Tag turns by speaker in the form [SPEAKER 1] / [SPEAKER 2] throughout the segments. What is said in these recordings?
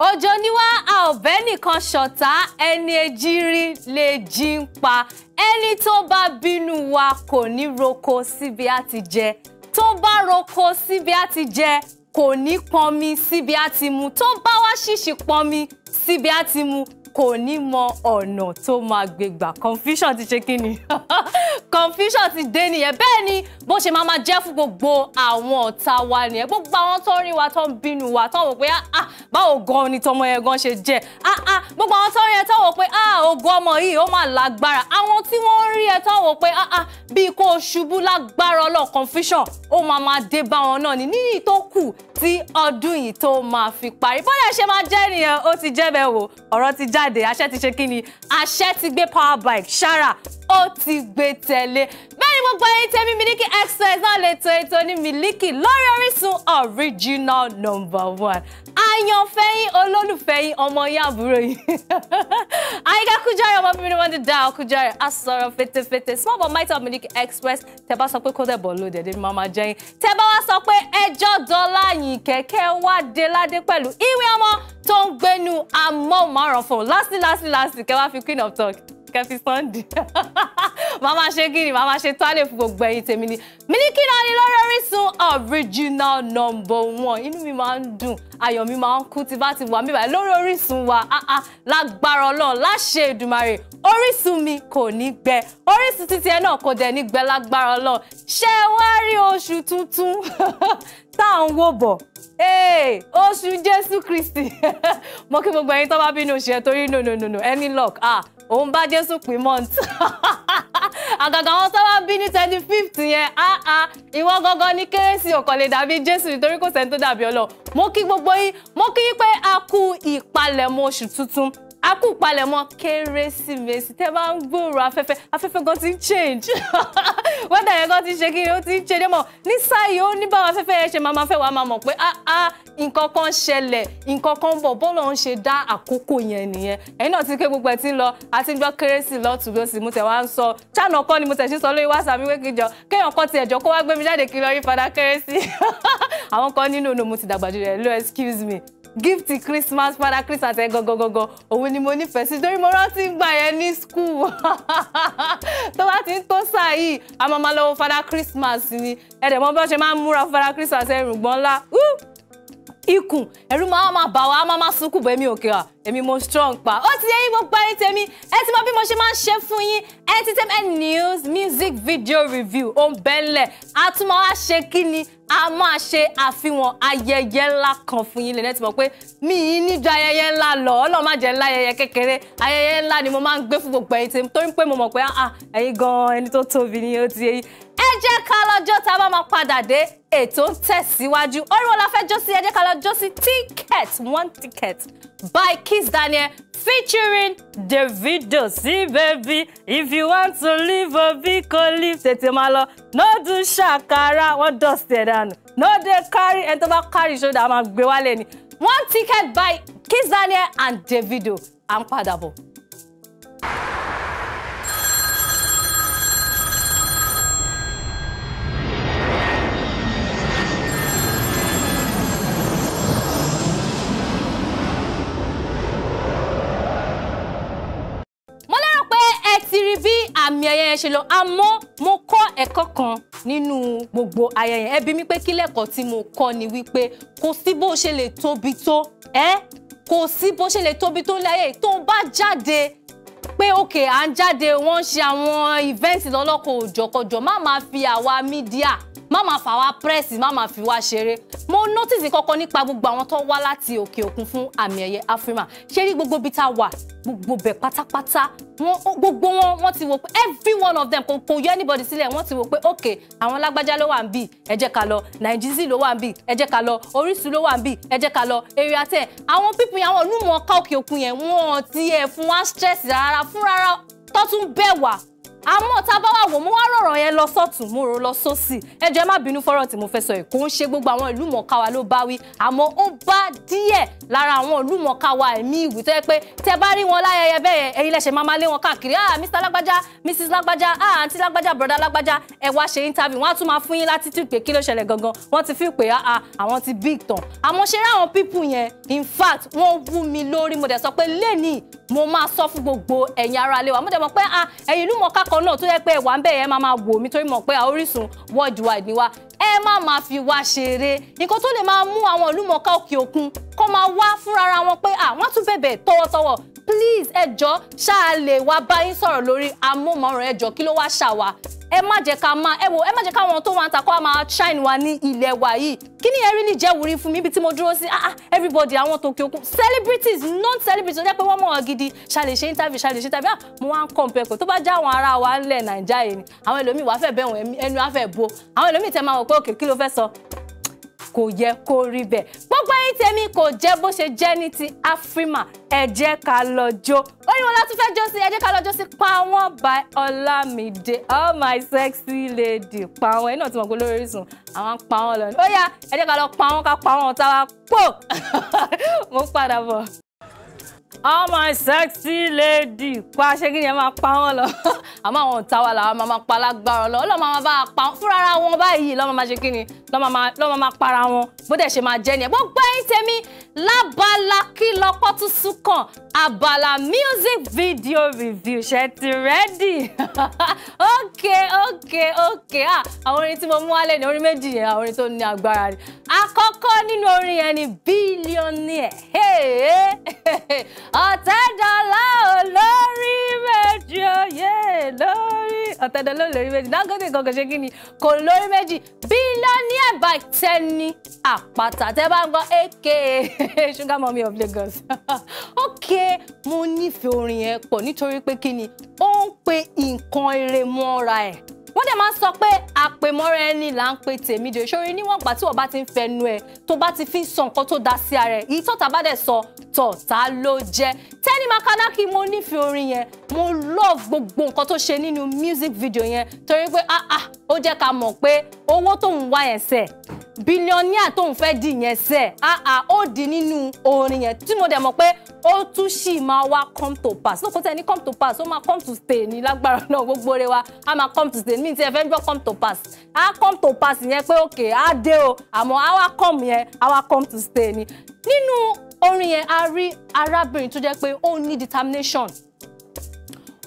[SPEAKER 1] òjò níwá a ò bẹ́ nìkan ṣọ̀tá ẹni ejírí lè jí ń pa ẹni tó bá bínú wa kò ní roko síbi á ti jẹ tó bá roko síbi á ti jẹ kò ní pọnmi síbi á ti mu tó bá wá ṣìṣì pọnmi síbi á ti mu kò ní mọ ọ̀nà tó máa gbégbà confusion ti ṣe kí ni confusion ti dé nìyẹn bẹ́ẹ̀ ni bó ṣe máa máa jẹ́ fún gbogbo àwọn ọ̀tá wa nìyẹn gbogbo àwọn tó ń wa tó ń bínú wa tó wò pé ah, ah báwo gan ni tọmọ yẹn gan ṣe jẹ́ ah ah gbogbo àwọn tó ń rí ẹ tó wò pé ah ogun ọmọ yìí ó máa lágbára àwọn tí wọ́n ń rí ẹ tó wò pé ah ah bíi kó o ṣubú lágbára ọlọ́ confusion ó máa máa dé bá wọn náà ní níyì tó kù tí ọdún yìí tó máa fi parí bọ́dà ṣe máa jẹ́ nìyẹn ó ti jẹ́ bẹ́ẹ̀ wò ọ̀rọ̀ ti jáde àṣẹ ti ṣe kí ni àṣẹ ti gbé power bike ṣára ó ti gbé tẹ̀lé bẹ́ẹ̀ gbogbo ẹyin tèmi Miliki Express náà lè to ètò ní Miliki lórí Orísun original number one àyànfẹ́ yín olólùfẹ́ yín ọmọ yín àbúrò yín Àyìnkẹ́ Kújọrẹ ọmọ bíbí ni wọ́n ti dá ọ asọ̀rọ̀ fetefete small but mighty of Miliki Express tẹ bá sọ pé kó dẹ̀bọ̀ ló dẹ̀dẹ̀ ni màmá jẹ́yìn tẹ bá wá sọ pé ẹjọ́ dọ́là yìí kẹ̀kẹ́ wá dé ládé pẹ̀lú ìwé ọmọ tó ń gbénu amóhùnmáwòrán fún lásìlásìlásì kẹ wá fi queen of talk kẹfí sunday màá máa ṣe gíní màá máa ṣe tọ́lẹ̀ fún gbogbo ẹ̀yin tèmi ni Miliki Dání lórí Orísun original number one inú mi máa ń dùn ayọ̀ mi máa ń kú tí bá ti wà mí báyìí lórí Orísun wa ah, ah, lágbára ọlọ́run láṣẹ Èdùmàrè Orísun mi kò ní gbẹ Orísun títí ẹ náà kò dẹ̀ ní gbẹ lágbára ọlọ́run ṣé wá rí oṣù tuntun tá à ń wò bọ̀ oṣù Jésù Kristi mo kí gbogbo ẹ̀yin tó bá bínú ṣe torí no no no no any luck ah òun bá jésù pín mọ́ǹt àgàgà wọn sábà bí ní twenty fifth yẹn áá ah, ah. ìwọ gangan ní kérésì ò kàn lè dàbí jésù nítorí kò sẹ́ni tó dàbí ọlọ́ mo kí gbogbo yín mo kí yín pé a kú ìpalẹ̀mọ́ oṣù tuntun a kú palẹ̀mọ́ kérésìmesì tẹ́ bá ń gbòòrò afẹ́fẹ́ afẹ́fẹ́ gan ti ń change wẹ́dà yẹn gan ti ṣe kí ni ó ti ń change mọ̀ ní sáyé ó ní báwọn afẹ́fẹ́ yẹn ṣe máa máa fẹ́ wàá máa mọ̀ pé ah, ah, nǹkan kan ṣẹlẹ̀ nǹkan kan bọ̀ bọ́ọ̀lù ń ṣe dá àkókò yẹn nìyẹn ẹ̀yin náà ti ké gbogbo ẹ̀ ti ń lọ àti gbọ́ kérésì lọ́tún lọ́sì mo tẹ̀ wá ń sọ ṣáànà kọ́ ni mo tẹ̀ sí sọ lórí wásaà mi wékì jọ kéèyàn kan tiẹ̀ jọ kó wá gbé mi jáde kí lọ rí fada kérésì àwọn kan nínú ònà mo ti dàgbàjú rẹ̀ lo excuse me Gifty christmas father chris àti eh, ẹgọgọgọgọ òun ni mo nífẹ̀ẹ́ sí torí mo rántí gbà yẹn ní school tó bá ti ń tó sáà yìí a máa máa lọ́wọ́ father christmas ni ẹ̀dẹ̀ mọ́ bí wọ́n ṣe máa ń múra father christmas ẹ̀rùngbọ́n ńlá ikùn ẹ̀rù máa máa bà wá á máa máa sunkún bọ̀ èmi ò kíra èmi mo strong pa ó ti yẹyin mo parí tèmi ẹ ti mọ bí mo ṣe máa ń ṣe fún yín entertainment news music video review ó ń bẹ́ńlẹ̀ a tún máa wá ṣe kí ni a máa ṣe àfihàn ayẹyẹ ńlá kan fún yín lẹ́nẹ́ tí mo pé mi ì ní ju ayẹyẹ ńlá lọ ọlọ́run má jẹ́ ńlá ayẹyẹ kékeré ayẹyẹ ńlá ni mo máa ń gbé fún gbogbo ẹ̀yin tèmi torí pé mo mọ̀ pé ah, ah, ẹ̀yin gan-an ẹni tó tóbi ni ó ti ẹ̀yin ẹ jẹ́ ká lọ tá a bá máa padà dé ètò ń tẹ̀síwájú orí wọn fẹ́ jó ẹ jẹ́ ká lọ sí ticket one ticket by Kiss Daniel featuring Davido sí baby if you want to live a big live tètè máa lọ no do ṣàkàrà wọn dọ̀sí ẹ̀ dànù no dey carry ẹni tó bá carry ṣọ́dà máa gbé wálé ni one ticket by Kiss Daniel and Davido à ń padà bọ̀. àmì ayẹyẹ ṣe lọ àmọ́ mo kọ́ ẹ̀kọ́ kan nínú gbogbo ayẹyẹ ẹ bí mi pé kí lẹ́kọ̀ọ́ tí mo kọ́ ni wípé kò sí bó ṣe lè tóbi tó ẹ́ kò sí bó ṣe lè tóbi tó láyé tó bá jáde pé òkè à ń jáde wọ́n ṣe àwọn ìvẹ́ǹtì lọ́lọ́kọ̀ òjọ̀kọ̀jọ̀ má máa fi àwa mídíà má máa fà wá pírẹ́sì má máa fi wá ṣeré mo notice kọ́kọ́ nípa gbogbo àwọn tó wá láti òkè òkun fún àmì ẹ̀yẹ afrima ṣé rí gbogbo ibi tá a wà gbogbo bẹ̀ pátápátá gbogbo wọn wọ́n ti wò pé every one of them kò kò yọ anybody sílẹ̀ wọ́n ti wò pé ok àwọn lágbájá ló wà ń bì ẹ jẹ́ ká lọ nàìjíríì ló wà ń bì ẹ jẹ́ ká lọ orísun ló wà ń bì ẹ jẹ́ ká lọ area ten àwọn pípín yẹn àwọn olúmọ̀ọ́ká òkè òkun yẹn wọ́n ti ẹ̀ fún wa stress rárá fún rárá tó tún bẹ̀ wá àmọ́ tá a bá wà wò mo wá rọ̀rọ̀ yẹn lọ sọ́tún mo rò lọ sósì ẹjọ́ ẹ má bínú fọ́rọ̀ tí mo fẹ́ sọ èkó ń ṣe gbogbo àwọn ìlú mọ̀ọ́ká wa ló bá wí àmọ́ ó bá díẹ̀ lára àwọn ìlú mọ̀ọ́ká wa ẹ̀mí ìwì tó yẹ pé tẹ bá rí wọn láyẹyẹ bẹ́ẹ̀ ẹ̀yin lẹ́sẹ̀ máa máa lé wọn káàkiri ah mr lágbájá mrs lágbájá ah àǹtí lágbájá broda lágbájá ẹ wá ṣe interview wọn á tún máa ah, ah, big tán àmọ́ ṣe ráwọn people kan náà tó yẹ pé ẹ̀wà ń bẹ̀ yẹn máa máa wò mí torí mọ̀ pé Orísun worldwide ni wá ẹ má máa fi wá ṣeré nǹkan tó lè máa mú àwọn ìlúmọ̀ọ́ká òkè òkun kó máa wá fúnra wọn pé àwọn tún bẹ̀bẹ̀ tọwọ́tọwọ́ please ẹ jọ̀ọ́ ṣáà lè wá bá yín sọ̀rọ̀ lórí amóhùnmáwòrán ẹ jọ̀ọ́ kí ló wá ṣàwà ẹ má jẹ́ ká máa ẹ wò ẹ má jẹ́ káwọn tó wà ń takọ́ máa shine wa ní ilẹ̀ wa yìí kí ni ẹrí ní ìjẹ́wòrí fún mi ibi tí mo dúró sí ah ah everybody àwọn tòkè òkun celebrities non celebrities ó jẹ́ pé wọ́n mọ̀ wọ́n gidi ṣàlè ṣe interview ṣàlè ṣe tàbí à ah, mo wá ń compare kò tó bá já àwọn ará wa ńlẹ̀ nàìjíríà yìí ni àwọn ẹlòmíì wàá fẹ́ bẹ̀ wọ́n ẹnu wàá fẹ́ bo àwọn ẹlòmíì tẹ́ máa wọ pé òkè kí ló fẹ́ sọ kò yẹ kó rí bẹ́ẹ̀ gbogbo ẹ̀yin tèmi kò jẹ́ bó ṣe jẹ́ ní ti afrima ẹ ká lọ jó orí wọn láti fẹ́ jó sí ẹ ká lọ jó sí pawọ́n by ọlámídé all my sexy lady pawọ́n ẹ̀ náà ti mọ̀ pé lórí Orísun àwọn pawọ́n lọ ní ó yá ẹ ká lọ pawọ́n ká pawọ́n ọ̀tá wa pò mo padà bọ̀ all my sexy lady pa ṣé kí ni ẹ máa pa wọn lọ àmọ́ àwọn ọ̀tá wa làwọn máa pa lágbára lọ ọlọ́mọ máa bá pa fúnra ara wọn báyìí lọ́mọ máa ṣe kí ni lọ́mọ máa para wọn bó dẹ̀ ṣe máa jẹ́ ni ẹ̀ gbogbo ẹ̀yin tèmi lábala kí lọ́pọ́ tún sún kàn abala music video review ṣe ti rẹ́dì òkè òkè à àwọn orin tí mo mú wálẹ̀ ní orin méjì yẹn àwọn orin tó ní agbára ni àkọ́kọ́ nínú orin yẹn ni billionaire ọ̀tẹ́dọ́lá olórí méjì òye lórí ọ̀tẹ́dọ́lá olórí méjì Dangote kankan ṣe kí ni kò lórí méjì billionaire by Tẹ́ni Àpáta tẹ́ bá ń gbọ́ aka sugar mummy of Lagos ok mo nífẹ̀ẹ́ orin yẹn pọ̀ nítorí pé kí ni ó ń pe nǹkan ire mọ́ra ẹ̀ wọ́n dẹ̀ máa ń sọ pé àpèmọ́ra ẹni là ń pe tèmídé sórí níwọ̀n ìgbà tí wọ́n bá ti ń fẹnu ẹ̀ tó bá ti fi ń sọ nǹkan tó da sí ara ẹ̀ yìí tọ́ta bá dẹ̀ sọ tọ̀ta ló jẹ́ Tẹ́ni Makanaki mo nífẹ̀ẹ́ orin yẹn mo love gbogbo nǹkan tó ṣe nínú music video yẹn torí pé ah ah ó jẹ́ ká mọ̀ pé owó tóun wá yẹn sẹ̀ billionaire tóun fẹ́ dì yẹn sẹ́ àà ó di nínú orin yẹn tí mo dẹ̀ mọ̀ pé ó tún ṣì máa wá come to pass lóko tẹ̀ ní come to pass ó máa come to stay ní lágbára náà gbogbo rẹ wa a máa come to stay mí tí ẹ fẹ́ gbọ́ come to pass a come to pass yẹn pé òkè á dé o àmọ́ á wá come yẹn á wá come to stay ni nínú orin yẹn a rí arábìnrin tó jẹ́ pé ó ní determination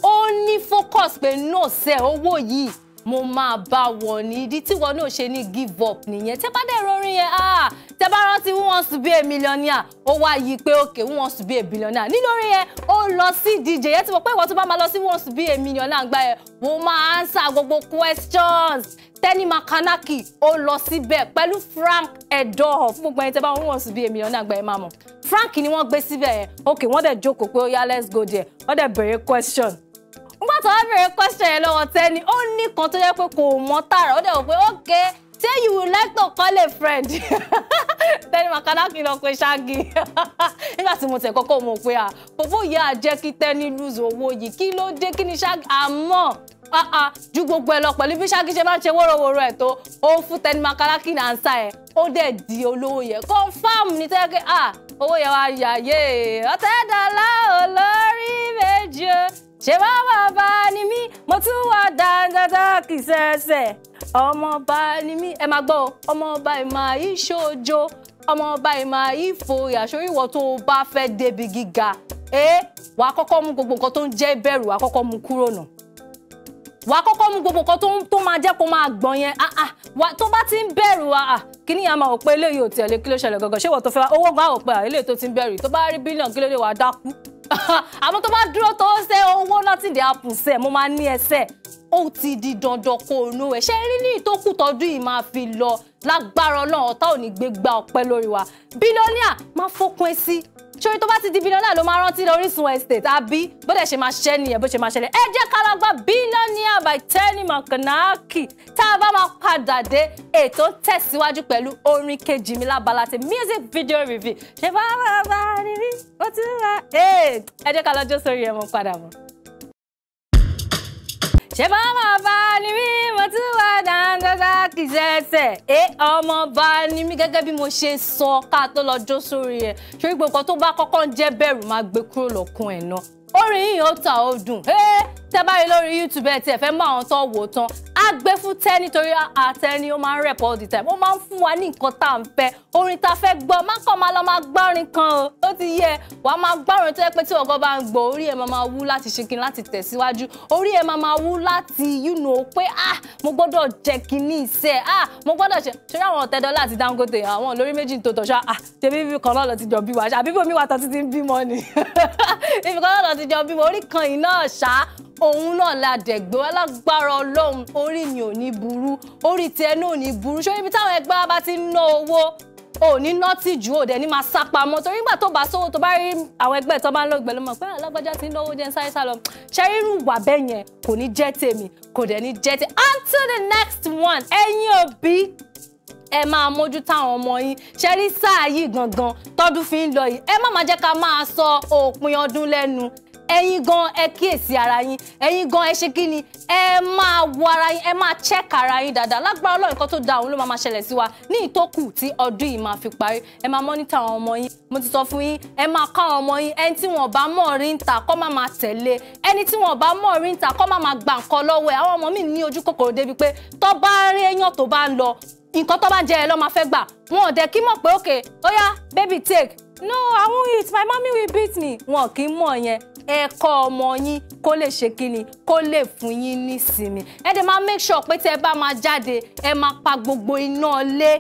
[SPEAKER 1] ó ní focus pé no sẹ́ owó yìí mo máa bá wọn ní ìdí tí wọn náà ṣe ní give up nìyẹn tẹ́ bá dẹ̀ rorin yẹn ah tẹ́ bá rántí who wants to be a millionaire ó wá yí pé okay who wants to be a billionaire nínú orin yẹn ó lọ sí ìdíje yẹn ti mọ̀ pé ìwọ tó bá máa lọ sí who wants to be a millionaire gbá yẹn wọ́n máa answer gbogbo questions Tẹ́ni Makanaki ó lọ síbẹ̀ pẹ̀lú Frank Edoho fún gbogbo ẹni tẹ́ bá wọn wọ̀n sí bí èmi ọ̀nà àgbà ẹ̀ máa mọ̀ Frank ni wọ́n gbé síbẹ̀ yẹn ok wọ́n dẹ̀ jókòó pé ó yá let's go there wọ́n dẹ̀ bẹ̀rẹ̀ question nígbà tó wá bèrè question yẹn lọ́wọ́ tẹ́ni ó ní kan tó jẹ́ pé kò mọ tààrà ó dẹ̀ wò pé okay say you would like to call a friend tẹ́ni makanaki lọ pé ṣáàgì nígbà tí mo tẹ̀ kọ́kọ́ mọ̀ pé à ah, fòfó yìí à jẹ́ kí tẹ́ni lose owó yìí kí ló dé kí ni ṣáàgì àmọ́ ah, ah, ju gbogbo ẹ lọ pẹ̀lú bí ṣáàgì ṣe máa ń ṣe wọ́rọ̀wọ́rọ̀ ẹ̀ tó ó fún tẹ́ni makanaki náà ń sá ẹ̀ ó dẹ̀ di olówó yẹn confam ni tẹ́lẹ̀ pé à owó yẹn wá yà yé ọ̀tẹ̀ dọ́là olórí méje ṣe bá bàbá ni mí mo tún wà dáadáa kì í ṣẹ̀ṣẹ̀ ọmọ ọba ni mí ẹ máa gbọ́ ọmọ ọba ìmọ̀ yìí ṣojo ọmọ ọba ìmọ̀ yìí fòyà sórí ìwọ tó o bá fẹ́ débi gíga ẹ wàá kọ́kọ́ mú gbogbo nǹkan tó ń jẹ́ bẹ̀rù wàá kọ́kọ́ mú kúrò náà wàá kọ́kọ́ mú gbogbo nǹkan tó máa jẹ́ kó máa gbọ̀n yẹn ah, ah, tó bá ti ń bẹ̀rù ah, kí ni àmọ́ òpé eléyìí ò tẹ̀lé kí ló ṣẹlẹ̀ gangan ṣé ìwọ tó fẹ́ owó gan àwòpẹ́ àìlè tó ti ń bẹ̀rù tó bá rí bílíọ̀n kí ló lè wàá dákú àmọ́ tó bá dúró tó ṣe owó nothing dey happen ṣe mo máa ní ẹsẹ̀ ó ti di dandan kó o nú ẹ ṣé rí ní ìtókù tọdún yìí máa fi lọ lágbára Ọlọ́run ọ̀tá ò ní gbé gba ọpẹ́ lórí wa bílíọ̀nìà máa fọkùn ẹ sí ṣórí tó bá ti di bílíọ̀nà ló máa rántí Orísun estate àbí bó dẹ̀ ṣe máa ṣiṣẹ́ nìyẹn bó ṣe máa ṣẹlẹ̀ ẹ jẹ́ ká lọ gbọ́ billionaire by Tenny Makanaki tá a bá máa padà dé ètò tẹ̀síwájú pẹ̀lú orin kejì mi lábala ti music video review ṣe bá bá bá rí rí ó ti wá ẹ jẹ́ ká lọ jó sórí ẹ̀ mọ́ padà bọ̀ ṣé bọ́mọ bá ni mí mo tún wà dáńgọ́gá kì í ṣẹ̀ṣẹ̀ ẹ ọmọ bá ni mí gẹ́gẹ́ bí mo ṣe sọ ká tó lọ jó sórí ẹ̀ ṣé gbogbo tó bá kọ́kọ́ ń jẹ́ bẹ̀rù máa gbé kúrò lọ́kùn ẹ̀ náà orin yìí ó ta ó dùn tẹ́ bá rí lórí youtube ẹ tiẹ̀ fẹ́ mọ àwọn tó wò tán á gbé fún tẹ́ nítorí àtẹ ni ó máa ń rẹpọ all the time ó máa ń fún wa ní nǹkan tá à ń fẹ́ orin tá a fẹ́ gbọ́ má kàn máa lọ máa gbọ́rin kan o ó ti yẹ wàá máa gbọ́rin tó yẹ pé tí ọgọ bá ń gbọ́ orí ẹ máa máa wú láti ṣìnkín láti tẹ̀síwájú orí ẹ máa máa wú láti you know pé ah mo gbọ́dọ̀ jẹ kínní iṣẹ́ ah mo gbọ́dọ̀ ṣe ṣọlá àwọn ọ̀tẹ̀dọ́lá àti Dangote àwọn olórí méjì tó tọ̀ṣà ah tèmi ibi kan náà lọ ti jọ bí wa àbí bòmí wa tọ́ ti ti ń bímọ ni ibi kan náà lọ ti ti jọ bímọ orí kan yìí náà ṣá òun náà la dẹ̀gbẹ́ alágbára ọlọ́run orí mi ò ní burú orí tiẹ̀ náà ò ní burú ṣé ibi táwọn ẹgbẹ́ wa bá ti ń ná owó ò ní ná tìjú ò dẹ̀ ní máa sá pamọ́ torí nígbà tó bá sówó tó bá rí àwọn ẹgbẹ́ tó bá ń lọ́gbẹ̀ẹ́ ló mọ̀ pé alágbájá ah, ti ń lọ́wọ́ jẹ́ ń sáré sálọ ṣe rírú wà bẹ́ẹ̀ yẹn kò ní jẹ́ tèmi kò dẹ̀ ní jẹ́ tèmi until the next one ẹ̀yin òbí ẹ máa mójú táwọn ọmọ yín ṣe rí sáà yìí gangan tọ́dún fi ń lọ yìí ẹ má máa jẹ́ ká máa sọ òpin ọdún lẹ́nu ẹ̀yin gan ẹ kíyèsí ara yín ẹ̀yin gan ẹ ṣe kí ni ẹ máa wo ara yín ẹ máa check ara yín dáadáa lágbára Ọlọ́run nǹkan tó da òun ló máa máa ṣẹlẹ̀ sí wa ní ìtókù tí ọdún yìí máa fi parí ẹ máa mọ́nítà àwọn ọmọ yín mo ti sọ fún yín ẹ máa kọ́ àwọn ọmọ yín ẹni tí wọn bá mọ̀ rí ń ta kọ́ máa máa tẹ̀lé ẹni tí wọn bá mọ̀ rí ń ta kọ́ máa máa gbà nǹkan lọ́wọ́ ẹ̀ àwọn ọmọ mi ní ojú kòkòrò débi pé tó bá rí èèyàn tó bá ń lọ nǹkan tó bá jẹ ẹ lọ́ máa fẹ́ gbà wọn ò dẹ̀ kí mọ̀ pé òkè ó yá baby take no i won't eat my mommy will beat me wọn kì í mọ̀ yẹn ẹ kọ́ ọmọ yín kó lè ṣe kíni kó lè fún yín nísinmi ẹ dẹ̀ máa make sure pé tí ẹ bá máa jáde ẹ máa pa gbogbo iná lé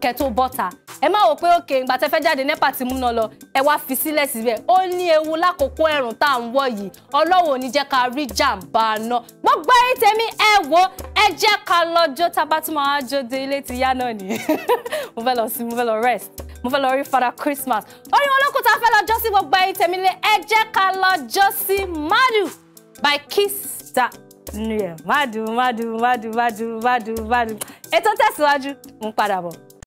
[SPEAKER 1] kẹtó bọ́ta ẹ má wò pé òkè ìgbà tẹ fẹ́ jáde nepa ti múná lọ ẹ wá fi sílẹ̀ síbẹ̀ ó ní ewu lákòókò ẹ̀rùn tá à ń wọ̀ yìí ọlọ́wọ́ ò ní jẹ́ ká rí jàǹbá náà gbogbo ẹ̀yin tèmi ẹ wò ẹ jẹ́ ká lọ́jọ́ tá a bá de ilé ti yá náà nìyẹn mo fẹ́ lọ sí mo fẹ́ lọ rest mo fẹ́ lọ rí Father Christmas orin olókùn tá a fẹ́ lọ jọ́sí gbogbo ẹ̀yin tèmi lé ẹ jẹ́ ká lọ jọ́sí madu by Kista that new madu madu madu madu madu madu ètò tẹ̀síwájú ń padà bọ̀.